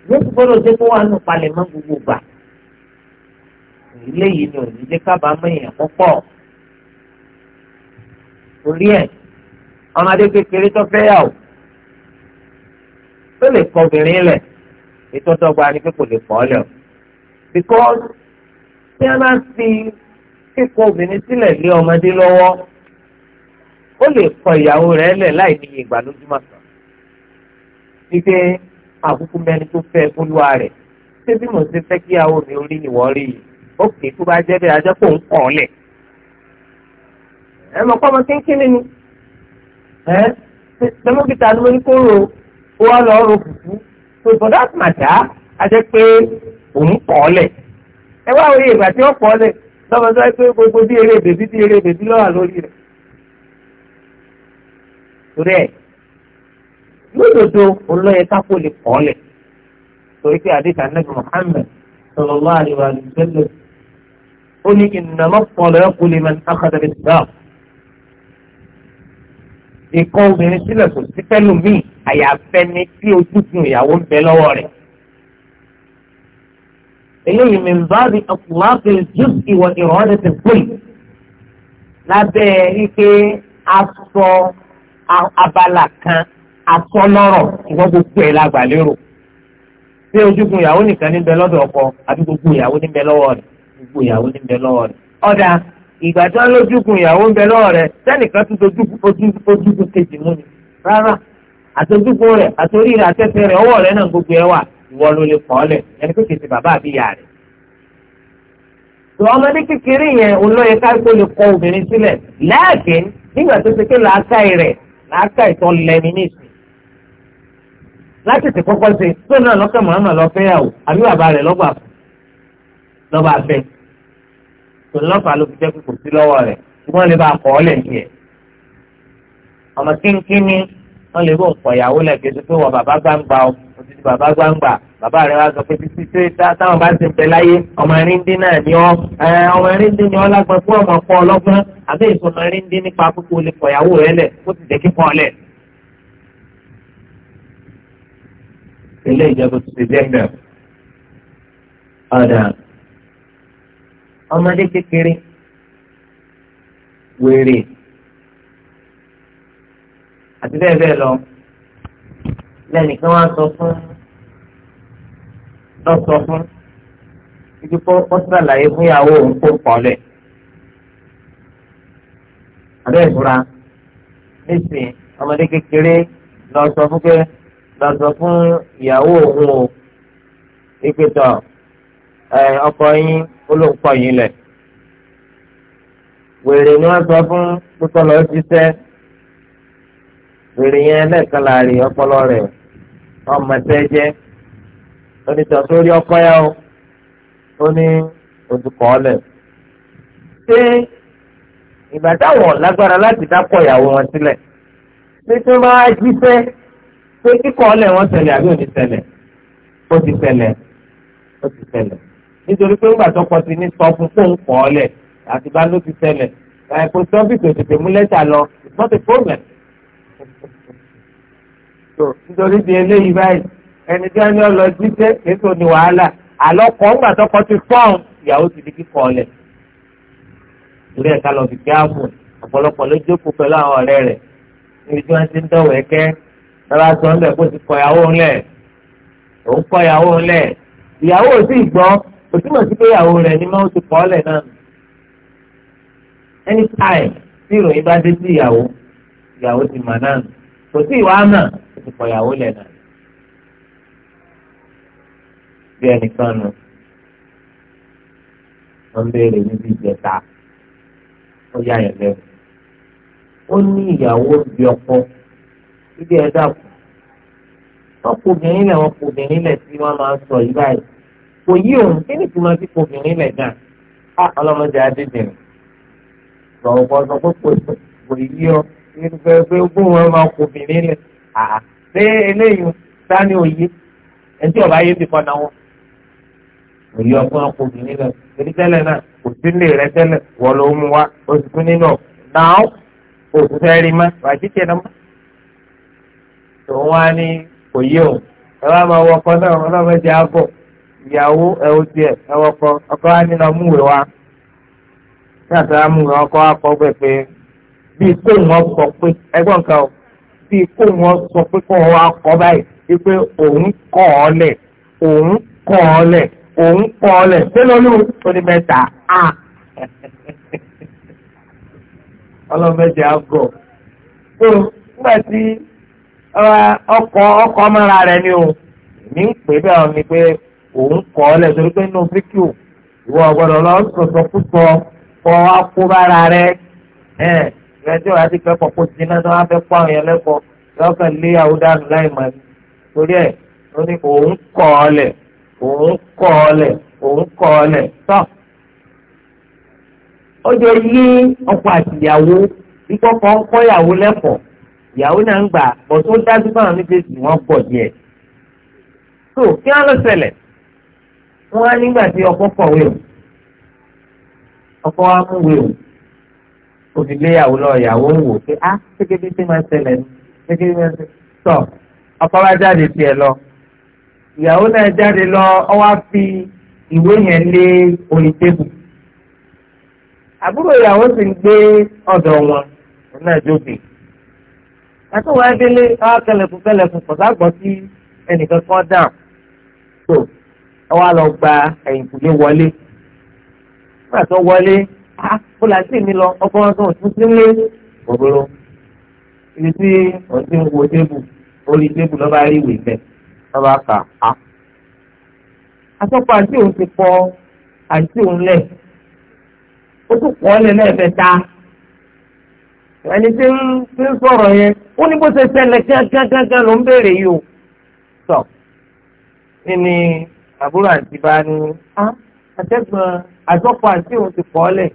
ló ti gbọ́dọ̀ dé kó wà nù palẹ̀ mọ́ gbogbo gbà eléyìí ni òní dé kábàámọ̀ èèyàn púpọ̀ torí ẹ̀ ọmọdé kékeré tó fẹ́ yà ó ó lè kọ obìnrin lẹ̀ ètò ọ̀dọ́gba ni pé kò lè kọ́ lẹ̀ o because tí a bá fi kíkọ obìnrin sílẹ̀ lé ọmọdé lọ́wọ́ ó lè kọ ìyàwó rẹ̀ lẹ̀ láì níye ìgbà lójúmọ́ wípé àkókò mẹ́ni tó fẹ́ olúwa rẹ̀ ṣé bí mo ṣe fẹ́ kí àwọn mi orí ni wọ́n rí yìí òkè tó bá jẹ́ bẹ́ẹ̀ ajẹ́ kó ń kàn lẹ̀. ẹ mọ̀ pọ́nmọ kínkínní ni ẹ dẹ́mọ́kítà ló ń kóró ó wá lọ́ọ́ ro fùfú so for that matter ajẹ́ pé òun kàn lẹ̀. ẹ wá òye ìgbà tí ó kàn lẹ̀ lọ́mọ sọ pé gbogbo bí eré bèbí bí eré bèbí lọ́wọ́ lórí rẹ̀. torí ẹ̀ lódodo olóyè kápò lè kọ́ lẹ̀ torí pé àdéhà nàbì Muhammad sallallahu alaihi wa sallam ó ní ìnàmọ́ pọ̀lọ́ ẹ̀kú lè máa ń sákàdà lè dá. ìkọ́ obìnrin sílẹ̀ kò sí pẹ́lú míì àyàfẹ́ ni tí ojúkun ìyàwó ń bẹ lọ́wọ́ rẹ̀. eléyìí mi ń bá di ọ̀pọ̀lọpọ̀ jùs ìwọ̀ ìrọ̀lẹ́ ti pè lábẹ́ wípé a abala kan asọ́lọ́rọ̀ ṣùgbọ́n gbogbo ẹ̀ la gbà lérò ṣé ojúkun ìyàwó nìkan níbẹ̀ lọ́dọ̀ ọkọ àti gbogbo ìyàwó níbẹ̀ lọ́wọ́ rẹ̀ gbogbo ìyàwó níbẹ̀ lọ́wọ́ rẹ̀ ọ̀dà ìgbà tí wọ́n lójúkun ìyàwó níbẹ̀ lọ́wọ́ rẹ̀ sẹ́nìkan tún ojúkun kejì mú ni rárá àtọ́júkun rẹ̀ àtọ́rí rẹ̀ àtẹ́fẹ́ rẹ̀ ọwọ́ rẹ̀ náà gbogbo ẹ̀ wà ìwọ ló lè kọ́ lẹ̀ ẹni pé kìí ṣe bàbá àbí ìyá rẹ̀. tó ọmọdé kékeré yẹn olóye káríkó lè kọ obìnrin sílẹ̀ láàkín nígbà tó ṣe pé làákàyè rẹ̀ làákàyè tó lẹ́ni níṣ láti ti kọ́kọ́ ṣe tó náà lọ́kàn màmá lọ fẹ́ yàwó àbí bàbá rẹ̀ lọ́gbà lọ́ba fẹ́ tó lọ́fà ló fi jẹ́ kó kò sí lọ́wọ́ rẹ̀ wọ́n lè bá kọ́ ọ́ lẹ̀ díẹ̀ ọmọ kínkínní wọ́n lè bó nǹkan ìyàwó lẹ̀ kí pé wọ́n bàbá gbangba o òtítí bàbá gbangba bàbá rẹ̀ wá sọ pé títí tí táwọn bá ti bẹ láyé ọmọ ẹ̀ríndín náà ni ọ́ ọmọ ẹ̀ríndín ni ọ́ lágbọ́n fún ọmọ ọ̀pọ̀ ọlọ́gbọ́n àbẹ́ ìfọmọ ẹ̀ríndín nípa kókó lè kọ̀ ìyàwó ilé ìjọba ti ṣe bẹ́ẹ̀ ọ̀dà ọmọdé kékeré wèrè àti bẹ́ẹ̀ bẹ́ẹ̀ lọ lẹ́nìkan wá sọ fún lọ sọ fún títí kó ó sàlàyé fún ìyàwó òun kó pọ̀lẹ̀ àbẹ́ ìfura nísìnyí ọmọdé kékeré lọ sọ fún pé lọ́sọ fún ìyàwó òun o ìpè tọ̀ ọkọ yín olóńpọ̀ yín lẹ̀ wèrè ni wọ́n sọ fún pípọ́ lọ ṣiṣẹ́ wèrè yẹn lẹ́ẹ̀kan láàrin ọpọlọ rẹ̀ ọmọ ẹsẹ̀ jẹ́ onítọ̀ sórí ọkọ yá o ó ní òtúkọ̀ ọ̀lẹ̀ ṣé ìgbà táwọn lágbára láti dápọ̀ ìyàwó wọn sílẹ̀ ṣé tí wọ́n bá jí fẹ́ pé kíkọ́ ọ̀lẹ̀ wọn ṣẹlẹ̀ àbí òní ṣẹlẹ̀ ó ti ṣẹlẹ̀ ó ti ṣẹlẹ̀ nítorí pé ńgbà tọkọ ti ní sọ fún fóun kọ́ ọ̀lẹ̀ àti bá ló ti ṣẹlẹ̀ ẹ̀ post office òtètè mú lẹ́tà lọ it's not a problem. nítorí di eléyìí báyìí ẹni tí wọ́n ní ọlọ jíjẹ́ èso ni wàhálà àlọ́kọ̀ ńgbà tọkọ ti fọ́ọ̀n ìyàwó ti di kíkọ́ ọ̀lẹ̀ torí ẹ̀ka lọ fi gbé ààbò ọ̀pọ̀lọpọ̀ ló jókòó pẹ̀lú àwọn ọ̀rẹ́ rẹ̀ níbi tí wọ́n ti ń dọ̀wọ́ ẹ̀kẹ́ bàbá sọ ń bẹ̀ kó ti kọ̀yàwó ńlẹ̀ òun kọ̀yàwó ńlẹ̀ ìyàwó ò sì gbọ́ kò túmọ̀ sí pé ìyàwó rẹ̀ ni máa ń ti kọ́ ọ́lẹ̀ náà anytime tí ìròyìn bá dé sí ìyàwó ìyàwó ti mà náà kò sí ìwà àmà kò ti kọ̀yàwó lẹ̀ náà bí ẹnìkan nù wọ́n béèrè níbi ìjẹta ó yá yẹn lẹ́nu ó ní ìyàwó bí ọkọ ibi ẹ̀dá kù wọ́n kó obìnrin lẹ̀ wọ́n kó obìnrin lẹ̀ tí wọ́n máa ń sọ yìí báyìí kò yí òun kí ni tìmọ̀ sí kó obìnrin lẹ̀ gan á ọlọ́mọdé adébìnrin lọ́wọ́ bọ́ sọ pé kò yí ọ irúfẹ́ pé ogún wọn máa kó obìnrin lẹ̀ àá ṣé eléyìí sani òye ẹni tí ọba yé ti kọ́ náwó òye ọgbọ́n kó obìnrin lẹ̀ èyí tẹ́lẹ̀ náà kò sí lè rẹ tẹ́lẹ̀ wọ́n ló mú wa oṣù tún nínú náà oṣù fẹ́ rí mọ́ wàá tòun wá ní kò yé òun ẹ wá máa wọkọ náà àbọ̀ ìyàwó ẹ ẹ wọkọ ọkọ wa nínú wa ní àtàrà múwèé ọkọ wa kọ pé pé bí wọn sọ pé ẹgbọ́n kan o bí akọ báyìí òun òun òun a ọlọ́mọdé àgọ̀ nígbà tí. ọkọ ọkọ mọ́ra rẹ̀ ni o mi ń pè bẹ́ẹ̀ ọ ni pé òun kọ́ ọ lẹ́sọ̀rọ̀ pé inú fíkìú ìwọ ọgbọ́dọ̀ lọ sọ̀tọ̀ púpọ̀ kọ́ akóbára rẹ̀ ẹ̀ ìrẹsì ọ̀rọ̀ àti kẹ́kọ̀ọ́ kó ti iná tó wá fẹ́ pọ́ àwọn yẹn lẹ́kọ̀ọ́ lọ́kàn lé àwòdánù láì mọ̀ ní torí ẹ̀ ó ní òun kọ́ ọ lẹ̀ òun kọ́ ọ lẹ̀ òun kọ́ ọ lẹ̀ tọ́ ó jẹ́ yí ọkọ àtìyàwó ikọ́kọ́ ń kọ́ ìyàwó lẹ́kọ̀ọ́ ìyàwó náà ń gbà bọ̀ tó dájú báwọn méjèèjì wọ́n pọ̀ díẹ̀. tó kí wọ́n lọ ṣẹlẹ̀ wọ́n á nígbà tí ọkọ kọ̀wé o ọkọ wa mú wé o òfìléyàwó lọ ìyàwó ń wò pé á ṣégedé tí máa ń ṣẹlẹ̀ ní ṣégedé máa ń ṣẹlẹ̀ tọ̀ ọkọ wa jáde tiẹ̀ lọ ìyàwó náà jáde lọ ọ wá fi ìwé yẹn lé orí tébù àbúrò ìyàwó sì ń gbé ọ̀dọ̀ wọn òun náà àtúwọ̀ ẹdínlé káwá kẹlẹ̀kùn kẹlẹ̀kùn kò ságbọ́ sí ẹnìkan kan dáhùn tó ẹ wá lọ gba ẹ̀yìnkùlé wọlé nígbà tó wọlé á fúlàtì mi lọ ọgbọ́n tó tún sílé òróró ibi tí òun ti ń wo tébù orí tébù lọ́ba rí ìwé bẹ́ẹ̀ lọ́ba kà á. asọ́pọ̀ àti òun ti pọ̀ àti òun lẹ̀ ó tún pọ̀ ọ́ lẹ̀ lẹ́ẹ̀fẹ́ ta ẹni tí ń sọ̀rọ̀ yẹn ó ní bó ṣe ṣẹlẹ̀ gángan ló ń béèrè yìí o sọ nínú àbúrò àti bá ní á àtẹ́gbọ̀n àtọ́kọ̀ àti òun ti kọ́ ọ́lẹ̀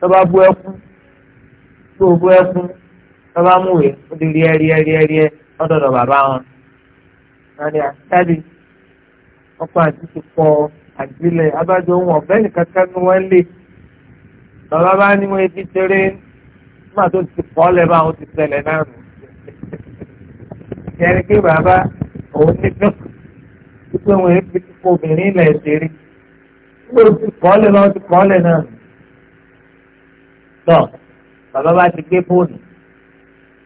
lọ́ba bu ẹkún tó bu ẹkún lọ́ba múwe ó di rí ẹrí ẹrí ẹrí ẹ lọ́dọ̀dọ̀ bàbá wọn. wọ́n ní àtẹ́lẹ̀ ọkọ àti ti kọ àjílẹ̀ abájọ ohun ọ̀fẹ́ nìkan kan ní wọ́n lè lọ́ba bá ní wọ́n ti ṣeré nígbà tó ti kọ́ ọ́lẹ̀ bá wọn ti ṣẹlẹ̀ náà nù yẹni pé bàbá òun ní dọ́kù wípé wọn èé fi obìnrin ilẹ̀ ṣeré nígbà tó ti kọ́lẹ̀ lọ́wọ́ ti kọ́lẹ̀ náà tọ́ bàbá bá ti gbé fóònù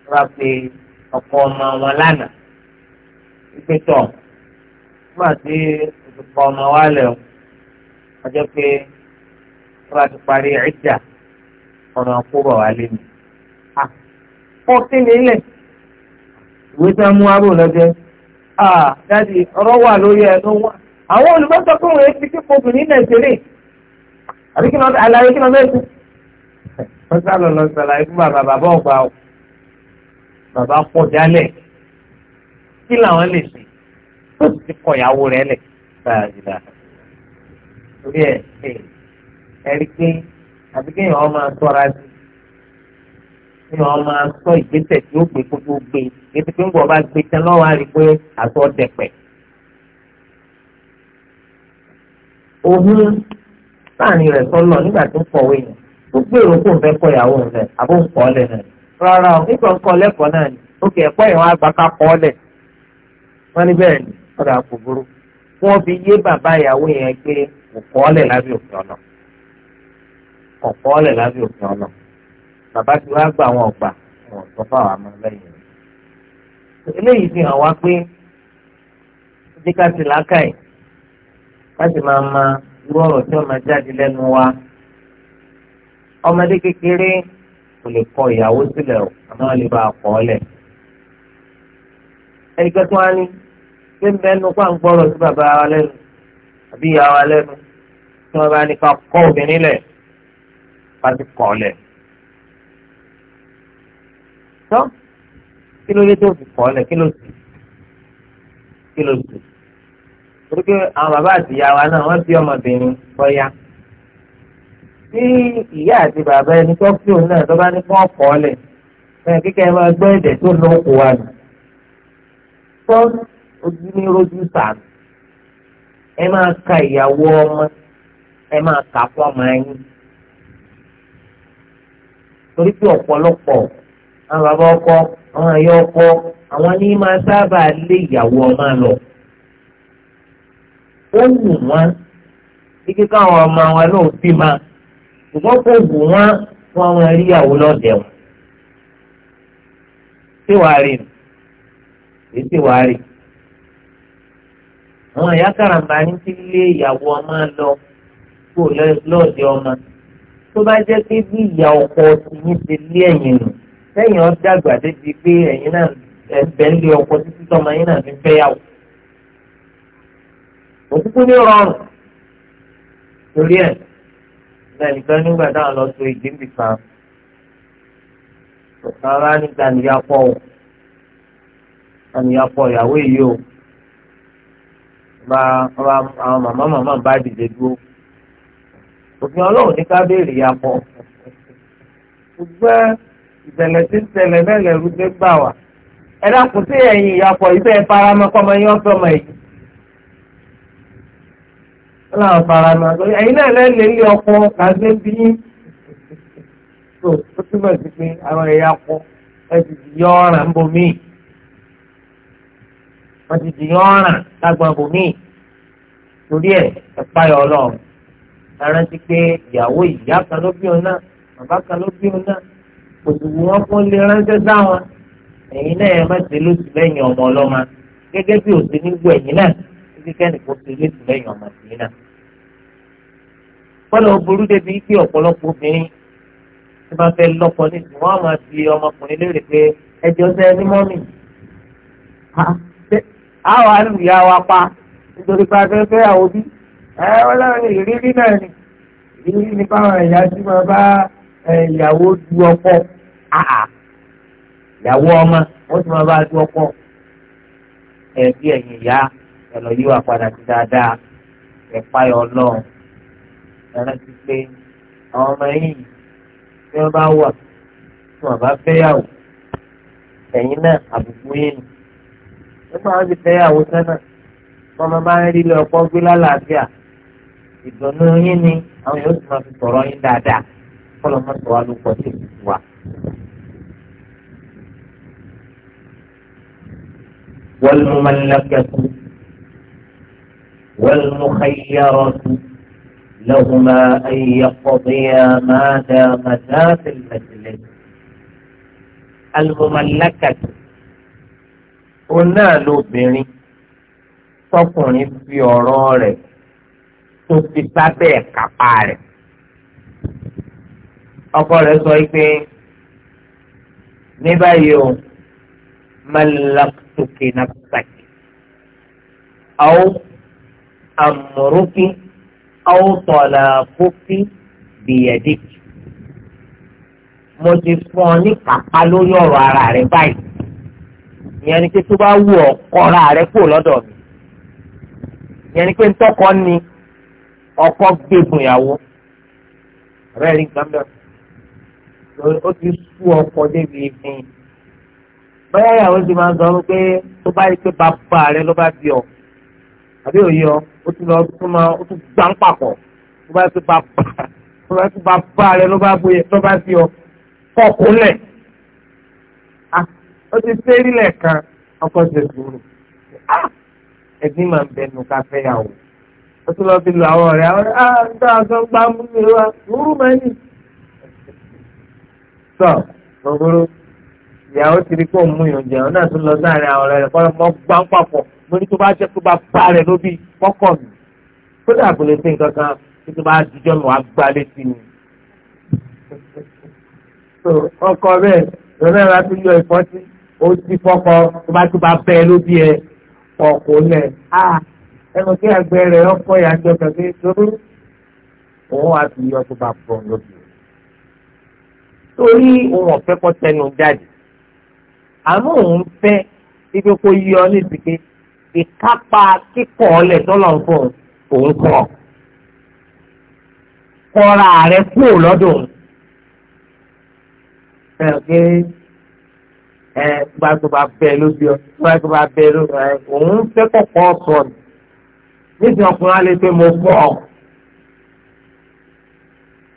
wọ́n á pe ọkọ ọmọ wọn lánàá wípé tọ́ nígbà tí ìdùkọ ọmọ wa lẹ̀ o ọjọ́ pé wọ́n ti parí ìjà ọ̀nà àkóbọ̀ wa lé mi. ọ̀sìn nílẹ̀ ìwé tí wọ́n mú wá bò ah dáàdi ọ̀rọ̀ wà lórí ẹ̀ ló wà àwọn olùmọ́sọ pé òun èéfi kí fòbì ní nàìjíríà àbí kí lọ́ọ́ àlàyé kí lọ́ọ́ mẹ́sì wọ́n sá lọ lọ sàlàyé fún bàbá bàbá ọ̀gbà o bàbá pọ̀ jálẹ̀ kí làwọn lè ṣe tó ti kọ ìyàwó rẹ̀ lẹ̀ dáadáa torí ẹ̀ ẹ̀ ẹ̀ rí pé àbí kéèyàn ọmọ àtọ́ra sí i kí wọn máa sọ ìgbésẹ̀ tí ó gbé gbogbo gbé ètò pé ń bọ̀ bá gbé tán lọ́wọ́ àrí pé àtọ́ dẹ̀pẹ̀. òun láàrin rẹ̀ sọ́lọ̀ nígbà tó kọ̀wé yẹn tó gbèrò kó n fẹ́ kọ́ ìyàwó rẹ̀ àbó ń kọ́ lẹ̀ náà rárá o nígbà ń kọ́ lẹ́kọ̀ọ́ náà ni ó kì í ẹ̀kọ́ ìwọ̀n àgbà ká kọ́ lẹ̀ wọ́n ní bẹ́ẹ̀ ni ọ̀dà kò burú wọ́n fi yé bàbá ìyàwó yẹn pé kò kọ́ lẹ̀ lábẹ́ òfin ọ̀nà kò lábẹ́ òfin ọ̀nà bàbá tí wàá gbà wọn ọgbà wọn sọ fún àwọn ọmọ lẹ́yìn rẹ̀ eléyìí fi hàn wá pé bí ká sì lákàì ká sì máa ma irú ọ̀rọ̀ tí ọmọ jáde lẹ́nu wa ọmọdé kékeré kò lè kọ ìyàwó sílẹ̀ o àmọ́ lè bá a kọ́ ọ lẹ̀ ẹnìkan tó wá ní ṣé ń bẹnu pa ń gbọ́rọ̀ sí bàbá wa lẹ́nu àbí ìyá wa lẹ́nu tí wọ́n bá ní ká kọ́ obìnrin lẹ̀ ká sì kọ́ ọ lẹ̀ tọ́ kí ló dé tó fi kọ́ lẹ̀ kí ló sì kí ló sì torí pé àwọn bàbá àti ìyá wa náà wọ́n bí ọmọbìnrin bọ́yá tí ìyá àti bàbá ẹni tó fi òun náà tó bá ní fún ọkọ̀ ọ̀lẹ̀ ẹ̀ kíkẹ́ ẹ máa gbọ́ ẹ̀dẹ̀ tó lọ kó wa nù tó ojú ní rojú sàánù ẹ máa ka ìyàwó ọmọ ẹ máa kà fún ọmọ ẹyin torí pé ọ̀pọ̀lọpọ̀ àwọn bàbá ọkọ àwọn àyà ọkọ àwọn ní máa sábà lé ìyàwó ọmọ lọ. ó wù wọ́n kíkí káwọn ọmọ wọn náà bí ma ṣùgbọ́n kò wù wọ́n wọn wọn rí ìyàwó lọ́dẹ̀ wọn. ṣé wàá rí ni èyí ṣé wàá rí àwọn àyà karambà ní ti lé ìyàwó ọmọ lọ kó lọ́ọ̀dẹ̀ ọmọ tó bá jẹ́ pé bí ìyà ọkọ ti ní ti lé ẹ̀yìn nù lẹ́yìn ọdún àgbà débi pé ẹ̀yin náà ẹ̀bẹ̀ ń lé ọkọ títí tọ́mọ ẹ̀yin náà fi ń fẹ́yàwó. òkúkú ní rọrùn torí ẹ̀ náà nìkan nígbà táwọn lọ so ìdí ń bì kan ọ̀kan rá níta níyàpọ̀ o àníyàpọ̀ ìyàwó èyí o bá àwọn màmá màmá bá dìde dúró òfin ọlọ́run ní ká béèrè yàpọ̀ ṣùgbọ́n ìṣẹ̀lẹ̀ tí ìṣẹ̀lẹ̀ náà lẹ̀rú dé gbà wá ẹ dákun sí ẹ̀yìn ìyàpọ̀ ìfẹ́ faramọ́ kọ́mọ yín ọ̀fẹ́ ọmọ yìí láwọn faramọ́ ẹ̀yìn náà lẹ́lẹ̀ ilé ọkọ kàdé bí yín tó ó túbọ̀ sí pé àwọn ẹ̀yà kọ ẹ ti di yọ ọ̀ràn bomi wọ́n ti di yọ ọ̀ràn lágbọ̀n bomi torí ẹ̀ ẹ̀ páyọ̀ ọlọ́run ẹ rántí pé ìyàwó ìyá kan ló bí òun náà bàbá kan ló bí òun náà kò sì ní wọn fún lè ránṣẹ́ sáwọn ẹ̀yin náà ẹ má ṣe lóṣù lẹ́yìn ọmọ ọlọ́mọ gẹ́gẹ́ bí òṣè nígbò ẹ̀yin náà títí kẹ́ni kò ṣe lóṣù lẹ́yìn ọmọ ẹ̀yin náà. kọ́lọ̀ burú débi pé ọ̀pọ̀lọpọ̀ obìnrin tí wọ́n fẹ́ lọ́kọ ní ìsìn wọn máa fi ọmọkùnrin léèrè pé ẹjọ́ sẹ́ ní mọ́mì. àwọn àlùyá wa pa nítorí pé afẹ́fẹ́ àwọn òbí ẹ wọ́n láwọn ìrírí náà ni ìrírí ni báwọn ẹ̀yà tí wọ́n bá ìyàwó du ọkọ àhà ìyàwó ọmọ wọ́n ti máa bá a tó ọkọ ẹbí ẹ̀yìn ìyá ẹ̀lọ́ yìí wà padà sí dáadáa ẹ̀páyọ̀ ọlọ́run ẹ̀rántí pé àwọn ọmọ yìí tí wọ́n bá wà tí wọ́n bá fẹ́yàwó ẹ̀yin náà àbùkù yín ni nígbà wọn ti fẹ́yàwó sẹ́nà wọn máa máa ń rí ilé ọkọ gbé lálàáfíà ìdùnnú yín ni àwọn yóò ti máa fi sọ̀rọ̀ yín dáadáa kọ́lọ́ mọ́tò wa ló pọ̀ sí ìdùnnú wa. والمملكة والمخيرة لهما أن يقضيا ما دامتا في المجلس المملكة قلنا لبني بني fi في rẹ̀ tó fi sábẹ́ أقول لك ọkọ إيه؟ ملقتك نفسك أو أمرك أو طلاقك بيدك mo ti fún ọ ní kápá lórí ọ̀rọ̀ ara rẹ báyìí ìyẹn ni pé tó bá wù ọ́ kọ́ra rẹ kó lọ́dọ̀ mi ìyẹn ni pé ntọ́kọ ni ọkọ gbẹ̀gùn ìyàwó rẹ̀ rí gbàmbẹ́ ó ti sú ọkọ débi ìfihàn báyà ìyàwó ti máa ń sọ pé tó bá yẹ pé bàbá rẹ ló bá bí ọ àbí òye ọ ó ti lọ tó máa ó tún gbà ń papọ̀ tó bá yẹ pé bàbá tó bá yẹ pé bàbá rẹ ló bá bóyá tó bá bí ọ kọ̀ọ̀kú lẹ̀ ó ti sẹ́rí lẹ́ẹ̀kan ọkọ̀ ṣe sùúrù ẹ̀gbìn máa ń bẹnu ká fẹ́ yà wò ó tún lọ fi lu àwọn ọ̀rẹ́ àwọn ọ̀rẹ́ ah ń tọ́ àṣọ gbàmúlẹ̀ wa sùúrù mẹ́rin. sọ gbogbo ìyàwó ti rí kó mú yàn jẹ ọ náà tún lọ sáàrin àwọn ọ̀rẹ́ rẹ̀ kọ́ mọ́ gbá ń papọ̀ mo ní tó bá jẹ́ pé bá bá rẹ̀ lóbi kọ́kọ́ mi kódà kò lè ṣe nǹkan kan tí tó bá dijọ́ mi wàá gbá létí mi. ọkọ bẹ́ẹ̀ lọ́nà ìlà tó yọ ìfọ́tí ó ti fọ́kọ tó bá tó bá bẹ́ẹ̀ lóbi ẹ ọkọ̀ lẹ̀ ẹnu kí àgbẹ̀ rẹ̀ ọkọ ìyàjọ kẹ̀kẹ́ lórí òun wàá fi yọ tó bá pọ̀ lóbi torí òun ọ̀fẹ́ kọ́ tẹnu jáde àmọ́ òun fẹ́ ibi kò yọ ní ìsìnkú ìkápá kíkọ́ ọ̀lẹ̀ tọ́lọ̀ ń fọ̀ òun kọ́ kọ́ra rẹ̀ kú lọ́dún. ẹ ọ̀gẹ́ ẹ gba tó bá bẹ lóbi ọ gba tó bá bẹ lóbi ọ òun fẹ́ kọ̀kọ́ sọ ni nísìnyí ọkùnrin á lè pé mo fọ́ ọ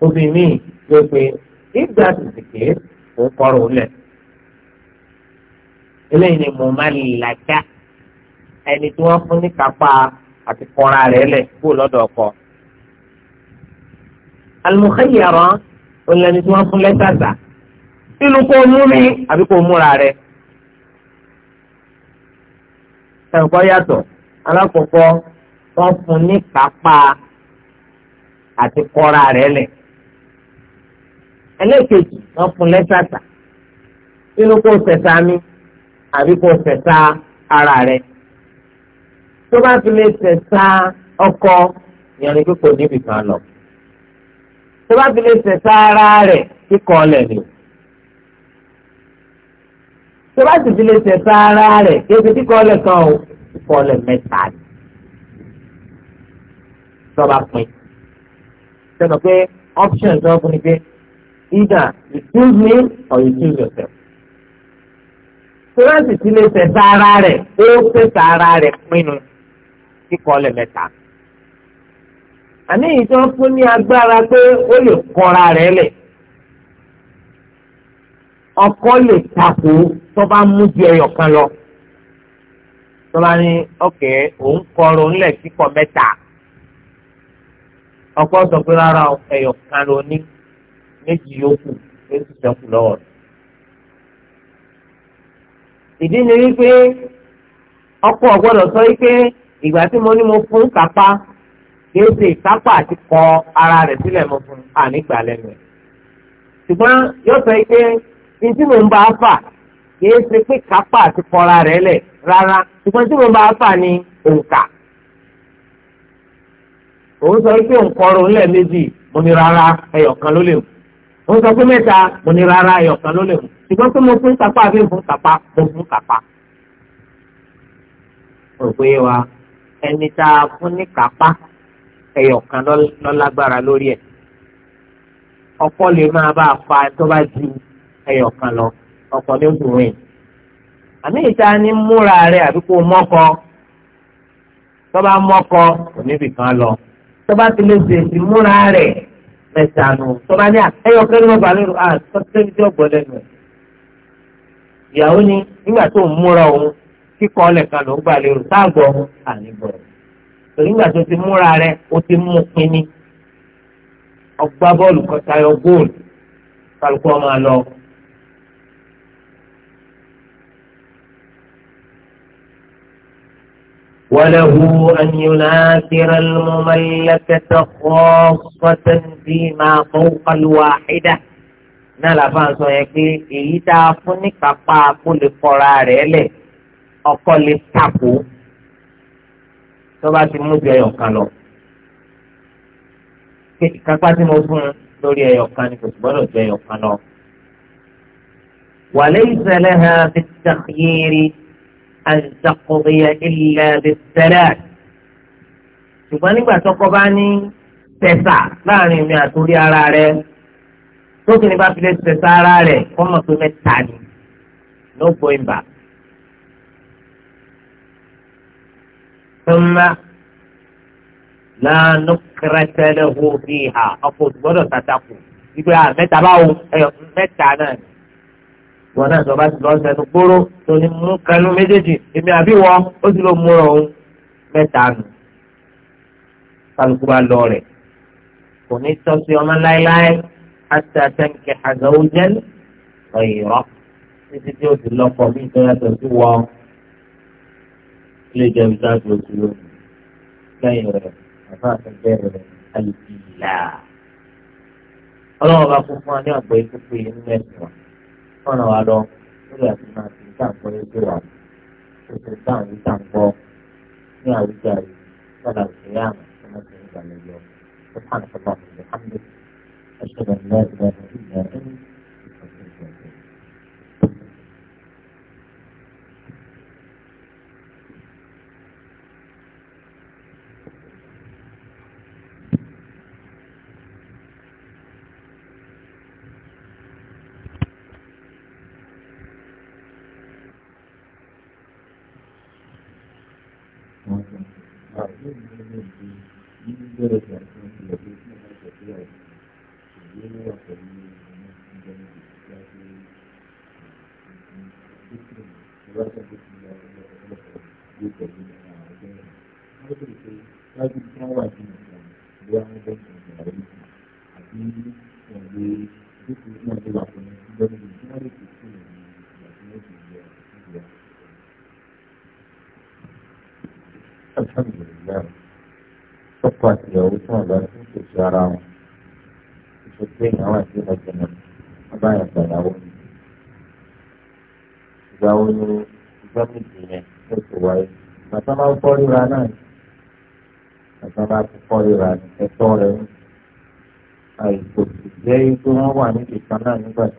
obìnrin yóò pé if that is the case òun kọ́ra òun lẹ̀ eléyìí ni mo máa làjá ẹni tí wọ́n fún ní kápá àti kọ́ra rẹ̀ lẹ̀ kó lọ́dọ̀ ọkọ. al-mukhayyara olùlẹ́ni tí wọ́n fún lẹ́sàsà nínú kó mú mi àbí kó múra rẹ̀. ẹ̀kọ́ yàtọ̀ alákọ̀ọ́kọ́ wọ́n fún ní kápá àti kọ́ra rẹ̀ lẹ̀. ẹlẹ́kejì wọ́n fún lẹ́sàsà nínú kó sẹ̀sà àbí kò sẹ̀sà ara rẹ̀ tó bá fi lè sẹ̀sà ọkọ ìyẹn ni kíkò níbi kan lọ tó bá fi lè sẹ̀sà ara rẹ̀ kíkọ́ ọlẹ̀ ni tó bá sì fi lè sẹ̀sà ara rẹ̀ kéde kíkọ́ ọlẹ̀ kan o kíkọ́ ọlẹ̀ mẹ́ta ni tọ́ba pin sẹ́nu pé options ọ̀fun ni pé either you choose me or you choose yourself tíráǹsì ti lè tẹ̀sà ara rẹ̀ ó tẹ̀sà ara rẹ̀ pinnu kíkọ́ ọ̀lẹ̀ mẹ́ta. àní ìjọ fún ní agbára pé ó lè kọ́ra rẹ̀ lẹ̀ ọkọ lè takò tó bá mú ju ẹyọ kan lọ tó ní ọkẹ òun kọrọ ńlẹ kíkọ mẹ́ta ọkọ sọ pé rárá ẹyọ kan ló ní méjì yòókù ló ti lọ́wọ́ rẹ̀. ìdí ni wípé ọkọ ọgbọdọ sọ wípé ìgbà tí mo ní mo fún kápá kìí ṣe ìkápá àti kọ ara rẹ̀ sílẹ̀ mo fún ànígbà lẹ́nu ẹ̀ ṣùgbọ́n yóò sọ wípé tí mo ń bá fà ní òǹkà òun sọ wípé òǹkọrò méjì mo rárá òun sọ pé mẹ́ta mo ní rárá ẹ̀yọ̀kan ló lè mú ṣùgbọ́n pé mo fún kápá àbí fún kápá mo fún kápá. mo pé wa ẹni tá a fún ní kápá ẹ̀yọ̀kan ló lágbára lórí ẹ̀ ọkọ lè máa bá a fa tó bá ju ẹ̀yọ̀kan lọ ọkọ ní oṣù rìn àmì ìta ni múra rẹ àbí kó mọ́kọ tó bá mọ́kọ kò níbì kan lọ tó bá ti lè ṣèṣì múra rẹ̀ mẹ́ta nù tọ́ba ní ẹyọ kẹ́rin ọba lóru à sọ́tẹ́ni tí ọ̀gbọ́n lẹ́nu ẹ̀. ìyàwó ni nígbà tó ń múra òun kíkọ́ ọlẹ́kan ló ń gbà lérò táàgbọ̀ àníbọ̀ torí nígbà tó ti múra rẹ̀ ó ti mú pinni ọgbà bọ́ọ̀lù kọtayọ góòlù kálukú ọmọ àlọ́ وله أن يناثر المملكة خاصة فيما فوق الواحدة náà làbá ń sọ yẹn pé èyí tá a fún ní kápá kó lè kọra rẹ̀ lẹ̀ ọkọ lè tàkó tó bá ti mú ju ẹyọ kan lọ. kápá tí mo fún un lórí ẹyọ kan ni kò sì gbọ́dọ̀ ju ẹyọ kan lọ. وليس لها في التخيير أن تقضي إلا بالثلاث ṣùgbọ́n nígbà tọkọ bá ní tẹ̀sà láàrin mi àtòrí ara rẹ̀ tókè ní bá fi lè tẹ̀sà ara rẹ̀ kọ́mọ̀ tó mẹ́ta ni no going back. ثم لا نكرة له فيها ọkọ̀ òdùgbọ́dọ̀ tàtàkù ìgbà mẹ́ta báwo mẹ́ta náà ni wọn náà tó bá ti lọ sẹnu gbóró tó ní mú kanú méjèèjì èmi àbí wọn ó sì lọ múra òun mẹ́ta nù kálukú bá lọ rẹ̀ kò ní tọ́ sí ọmọ láéláé àti àtẹnkẹ àgbáwó jẹ́ ọ̀yọ́ títí tí ó ti lọ́kọ bí ìtọ́yàtọ̀ sí wọn ilé ìjẹun sáájú oṣù lónìí lẹ́yìn rẹ̀ àbá àtẹ̀jẹ́ rẹ̀ alùpùpù ìlà ọlọ́wọ́ bá kú fún wa ní àgbẹ̀ ìkúkú yìí nínú ẹ̀sìn wa wọ́n ràn lọ lórí àti máa fi ìtàǹkọ́ yẹn gbé wà ètò ìtàǹkọ́ ìtàǹkọ́ ní àwùjọ rẹ̀ lọ́la òṣèré àmọ́ tí wọ́n ti ń gbàlejò سبحانك اللهم وبحمدك أشهد أن لا إله إلا أنت Thank náà